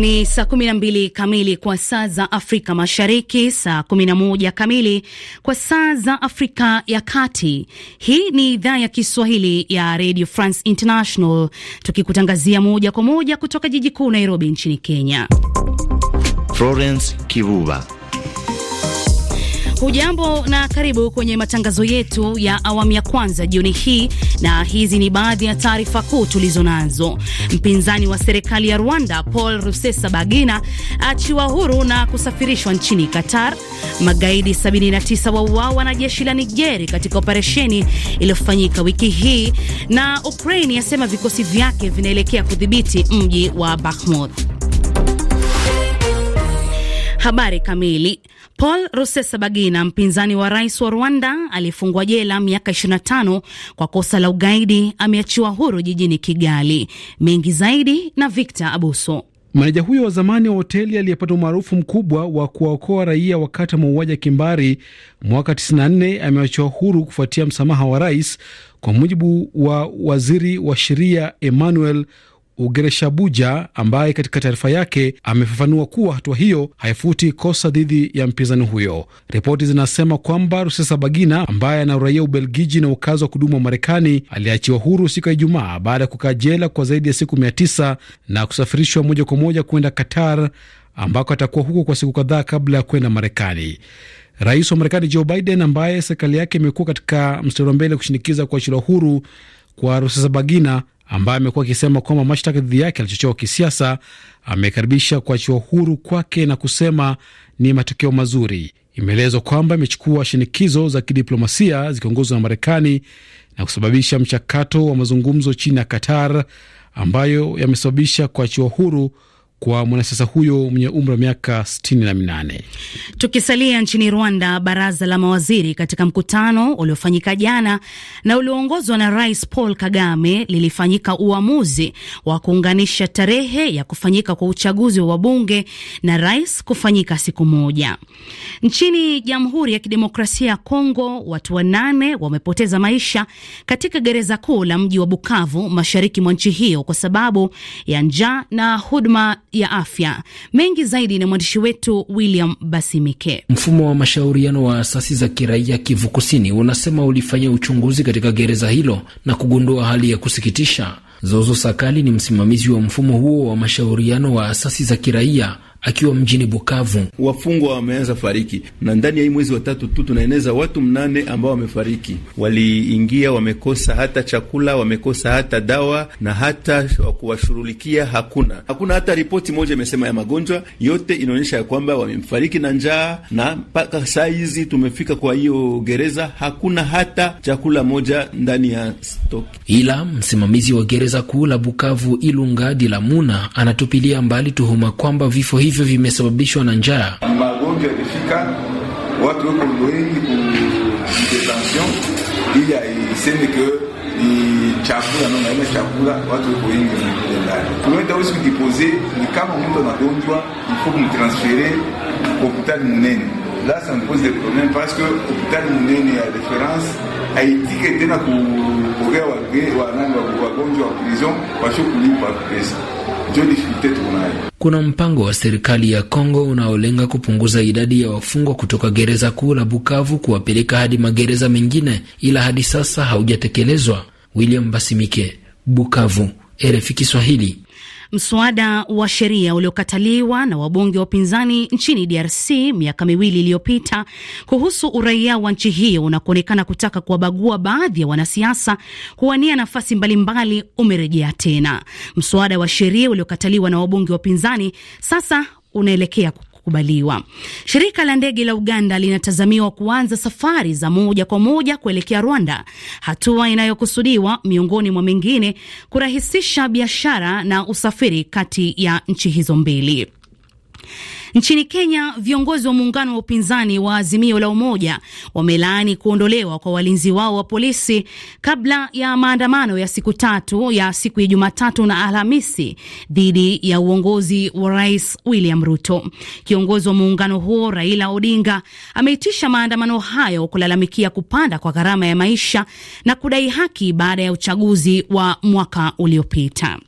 Ni saa 12 kamili kwa saa za Afrika Mashariki, saa 11 kamili kwa saa za Afrika ya Kati. Hii ni idhaa ya Kiswahili ya Radio France International, tukikutangazia moja kwa moja kutoka jiji kuu Nairobi nchini Kenya. Florence Kivuva Hujambo na karibu kwenye matangazo yetu ya awamu ya kwanza jioni hii, na hizi ni baadhi ya taarifa kuu tulizo nazo. Mpinzani wa serikali ya Rwanda Paul Rusesabagina achiwa huru na kusafirishwa nchini Qatar. Magaidi 79 wauawa na jeshi la Nigeri katika operesheni iliyofanyika wiki hii, na ukraini yasema vikosi vyake vinaelekea kudhibiti mji wa Bakhmut. Habari kamili. Paul Rusesabagina, mpinzani wa rais wa Rwanda aliyefungwa jela miaka 25 kwa kosa la ugaidi, ameachiwa huru jijini Kigali. Mengi zaidi na Victor Abuso. Maneja huyo wa zamani wa hoteli aliyepata umaarufu mkubwa wa kuwaokoa raia wakati wa mauaji ya kimbari mwaka 94 ameachiwa huru kufuatia msamaha wa rais, kwa mujibu wa waziri wa sheria Emmanuel Ugereshabuja ambaye katika taarifa yake amefafanua kuwa hatua hiyo haifuti kosa dhidi ya mpinzani huyo. Ripoti zinasema kwamba Rusesabagina ambaye ana uraia Ubelgiji na ukazi wa kudumu wa Marekani aliachiwa huru siku ya Ijumaa baada ya kukaa jela kwa zaidi ya siku mia tisa na kusafirishwa moja kwa moja kwenda Qatar ambako atakuwa huko kwa siku kadhaa kabla ya kwenda Marekani. Rais wa Marekani Joe Biden ambaye serikali yake imekuwa katika mstari wa mbele kushinikiza kuachiliwa huru kwa Rusesabagina ambaye amekuwa akisema kwamba mashtaka dhidi yake alichochewa kisiasa, amekaribisha kuachiwa huru kwake na kusema ni matokeo mazuri. Imeelezwa kwamba imechukua shinikizo za kidiplomasia zikiongozwa na Marekani na kusababisha mchakato wa mazungumzo chini ya Qatar ambayo yamesababisha kuachiwa huru kwa mwanasiasa huyo mwenye umri wa miaka 68. Tukisalia nchini Rwanda, baraza la mawaziri katika mkutano uliofanyika jana na ulioongozwa na Rais Paul Kagame lilifanyika uamuzi wa kuunganisha tarehe ya kufanyika kwa uchaguzi wa wabunge na rais kufanyika siku moja. Nchini Jamhuri ya Kidemokrasia ya Kongo, watu wanane wamepoteza maisha katika gereza kuu la mji wa Bukavu, mashariki mwa nchi hiyo kwa sababu ya njaa na huduma ya afya. Mengi zaidi na mwandishi wetu William Basimike. Mfumo wa mashauriano wa asasi za kiraia Kivu Kusini unasema ulifanya uchunguzi katika gereza hilo na kugundua hali ya kusikitisha Zozo Sakali ni msimamizi wa mfumo huo wa mashauriano wa asasi za kiraia akiwa mjini Bukavu. Wafungwa wameanza fariki, na ndani ya hii mwezi wa tatu tu tunaeneza watu mnane ambao wamefariki, waliingia wamekosa hata chakula, wamekosa hata dawa, na hata kuwashughulikia hakuna. Hakuna hata ripoti moja imesema ya magonjwa, yote inaonyesha ya kwamba wamefariki na njaa, na mpaka saa hizi tumefika kwa hiyo gereza, hakuna hata chakula moja ndani ya stoki. Ila msimamizi wa gereza gereza kuu la Bukavu Ilunga Dilamuna anatupilia mbali tuhuma kwamba vifo hivyo vimesababishwa na njaa. Magonjwa yalifika watu weko wengi kudetention ili aisemeke ni chakula no naina chakula watu weko wengi ndani tunaenda wezi kudipoze ni kama mtu anagonjwa ifo kumtransfere kopitali mnene Là, ça me pose des problèmes parce que hôpital munene à référence haitike tena kupokea wanani wagonjwa en prison parce que washokulipa pesa, ndio dificulte tunayo. Kuna mpango wa serikali ya Kongo unaolenga kupunguza idadi ya wafungwa kutoka gereza kuu la Bukavu kuwapeleka hadi magereza mengine, ila hadi sasa haujatekelezwa. William Basimike, Bukavu, RFI Kiswahili. Mswada wa sheria uliokataliwa na wabunge wa upinzani nchini DRC miaka miwili iliyopita kuhusu uraia wa nchi hiyo na kuonekana kutaka kuwabagua baadhi ya wanasiasa kuwania nafasi mbalimbali umerejea tena. Mswada wa sheria uliokataliwa na wabunge wa upinzani sasa unaelekea kukubaliwa. Shirika la ndege la Uganda linatazamiwa kuanza safari za moja kwa moja kuelekea Rwanda, hatua inayokusudiwa miongoni mwa mengine kurahisisha biashara na usafiri kati ya nchi hizo mbili. Nchini Kenya, viongozi wa muungano wa upinzani wa Azimio la Umoja wamelaani kuondolewa kwa walinzi wao wa polisi kabla ya maandamano ya siku tatu ya siku ya Jumatatu na Alhamisi dhidi ya uongozi wa Rais William Ruto. Kiongozi wa muungano huo Raila Odinga ameitisha maandamano hayo kulalamikia kupanda kwa gharama ya maisha na kudai haki baada ya uchaguzi wa mwaka uliopita.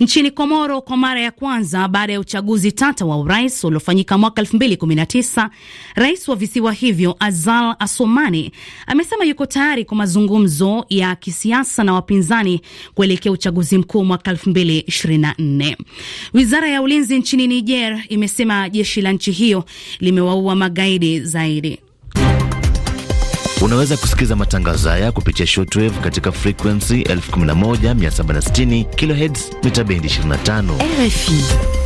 Nchini Komoro, kwa mara ya kwanza baada ya uchaguzi tata wa urais uliofanyika mwaka 2019, rais wa visiwa hivyo Azal Asomani amesema yuko tayari kwa mazungumzo ya kisiasa na wapinzani kuelekea uchaguzi mkuu mwaka 2024. Wizara ya ulinzi nchini Niger imesema jeshi la nchi hiyo limewaua magaidi zaidi. Unaweza kusikiliza matangazo haya kupitia shortwave katika frequency 11760 kilohertz mita bendi 25 RFI.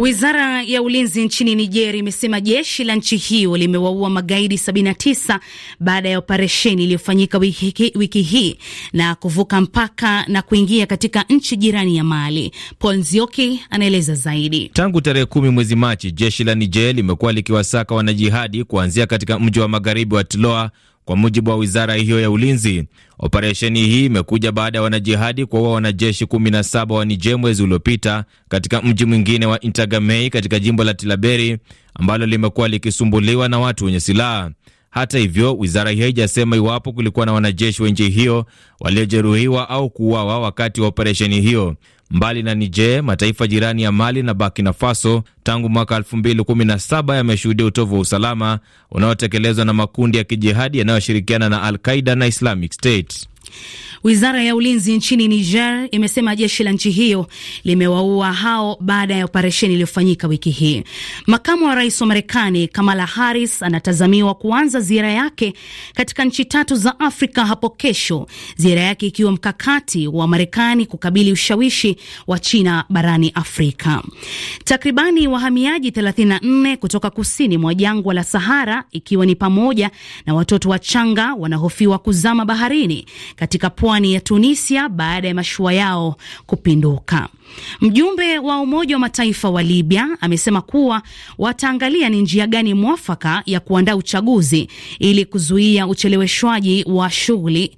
Wizara ya ulinzi nchini Niger imesema jeshi la nchi hiyo limewaua magaidi 79 baada ya operesheni iliyofanyika wiki, wiki hii na kuvuka mpaka na kuingia katika nchi jirani ya Mali. Paul Nzioki anaeleza zaidi. Tangu tarehe kumi mwezi Machi, jeshi la Niger limekuwa likiwasaka wanajihadi kuanzia katika mji wa magharibi wa Tiloa kwa mujibu wa wizara hiyo ya ulinzi, operesheni hii imekuja baada ya wanajihadi kuwaua wanajeshi 17 wa Niger mwezi uliopita katika mji mwingine wa Intagamei katika jimbo la Tilaberi ambalo limekuwa likisumbuliwa na watu wenye silaha. Hata hivyo, wizara hiyo haijasema iwapo kulikuwa na wanajeshi wa nchi hiyo waliojeruhiwa au kuuawa wakati wa operesheni hiyo. Mbali na Niger, mataifa jirani ya Mali na Burkina Faso tangu mwaka 2017 yameshuhudia utovu wa usalama unaotekelezwa na makundi ya kijihadi yanayoshirikiana na Al Qaida na Islamic State. Wizara ya ulinzi nchini Niger imesema jeshi la nchi hiyo limewaua hao baada ya operesheni iliyofanyika wiki hii. Makamu wa rais wa Marekani Kamala Harris anatazamiwa kuanza ziara yake katika nchi tatu za Afrika hapo kesho, ziara yake ikiwa mkakati wa Marekani kukabili ushawishi wa China barani Afrika. Takribani wahamiaji 34 kutoka kusini mwa jangwa la Sahara, ikiwa ni pamoja na watoto wachanga, wanahofiwa kuzama baharini katika pwani ya Tunisia baada ya mashua yao kupinduka. Mjumbe wa Umoja wa Mataifa wa Libya amesema kuwa wataangalia ni njia gani mwafaka ya kuandaa uchaguzi ili kuzuia ucheleweshwaji wa shughuli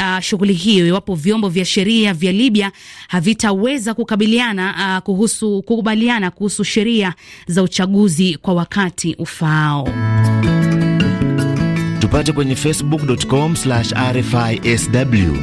Uh, shughuli hiyo iwapo vyombo vya sheria vya Libya havitaweza kukabiliana, uh, kuhusu, kukubaliana kuhusu sheria za uchaguzi kwa wakati ufaao tupate kwenye facebook.com rfisw.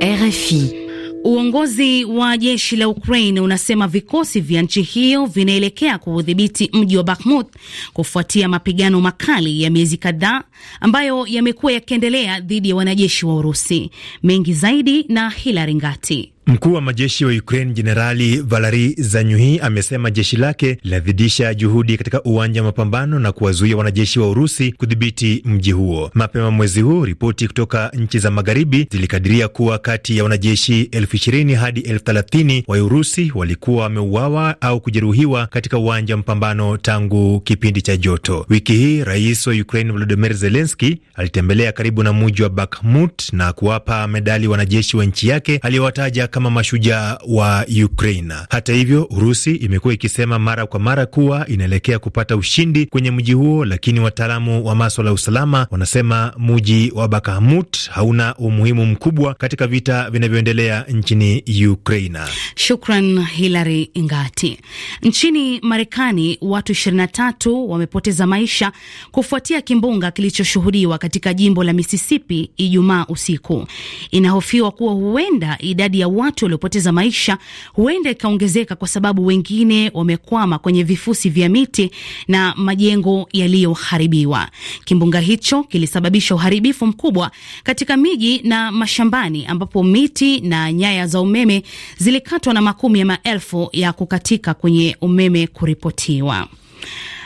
RFI. Uongozi wa jeshi la Ukraine unasema vikosi vya nchi hiyo vinaelekea kuudhibiti mji wa Bakhmut kufuatia mapigano makali ya miezi kadhaa ambayo yamekuwa yakiendelea dhidi ya wanajeshi wa Urusi. Mengi zaidi na Hilari Ngati. Mkuu wa majeshi wa Ukraine Jenerali Valari Zanyuhi amesema jeshi lake linadhidisha juhudi katika uwanja wa mapambano na kuwazuia wanajeshi wa Urusi kudhibiti mji huo. Mapema mwezi huu, ripoti kutoka nchi za magharibi zilikadiria kuwa kati ya wanajeshi elfu ishirini hadi elfu thelathini wa Urusi walikuwa wameuawa au kujeruhiwa katika uwanja wa mapambano tangu kipindi cha joto. Wiki hii rais wa Ukraine volodimir zelenski alitembelea karibu na muji wa Bakhmut na kuwapa medali wanajeshi wa nchi yake aliyowataja kama mashujaa wa Ukraine. Hata hivyo, Urusi imekuwa ikisema mara kwa mara kuwa inaelekea kupata ushindi kwenye mji huo, lakini wataalamu wa maswala ya usalama wanasema mji wa bakahmut hauna umuhimu mkubwa katika vita vinavyoendelea nchini Ukraine. Shukran Hilary Ngati. Nchini Marekani, watu 23 wamepoteza maisha kufuatia kimbunga kilichoshuhudiwa katika jimbo la Mississippi Ijumaa usiku. Inahofiwa kuwa huenda idadi ya watu waliopoteza maisha huenda ikaongezeka kwa sababu wengine wamekwama kwenye vifusi vya miti na majengo yaliyoharibiwa. Kimbunga hicho kilisababisha uharibifu mkubwa katika miji na mashambani ambapo miti na nyaya za umeme zilikatwa na makumi ya maelfu ya kukatika kwenye umeme kuripotiwa.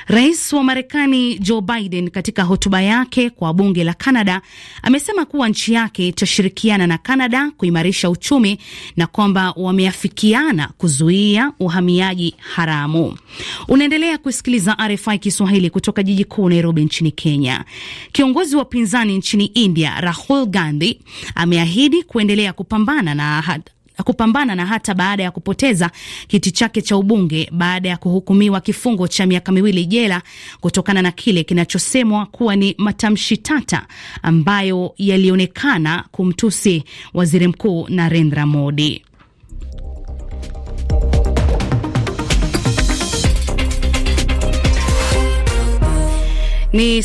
Rais wa Marekani Joe Biden katika hotuba yake kwa bunge la Canada amesema kuwa nchi yake itashirikiana na Canada kuimarisha uchumi na kwamba wameafikiana kuzuia uhamiaji haramu. Unaendelea kusikiliza RFI Kiswahili kutoka jiji kuu Nairobi nchini Kenya. Kiongozi wa upinzani nchini India Rahul Gandhi ameahidi kuendelea kupambana na kupambana na hata baada ya kupoteza kiti chake cha ubunge baada ya kuhukumiwa kifungo cha miaka miwili jela kutokana na kile kinachosemwa kuwa ni matamshi tata ambayo yalionekana kumtusi waziri mkuu Narendra Modi. Ni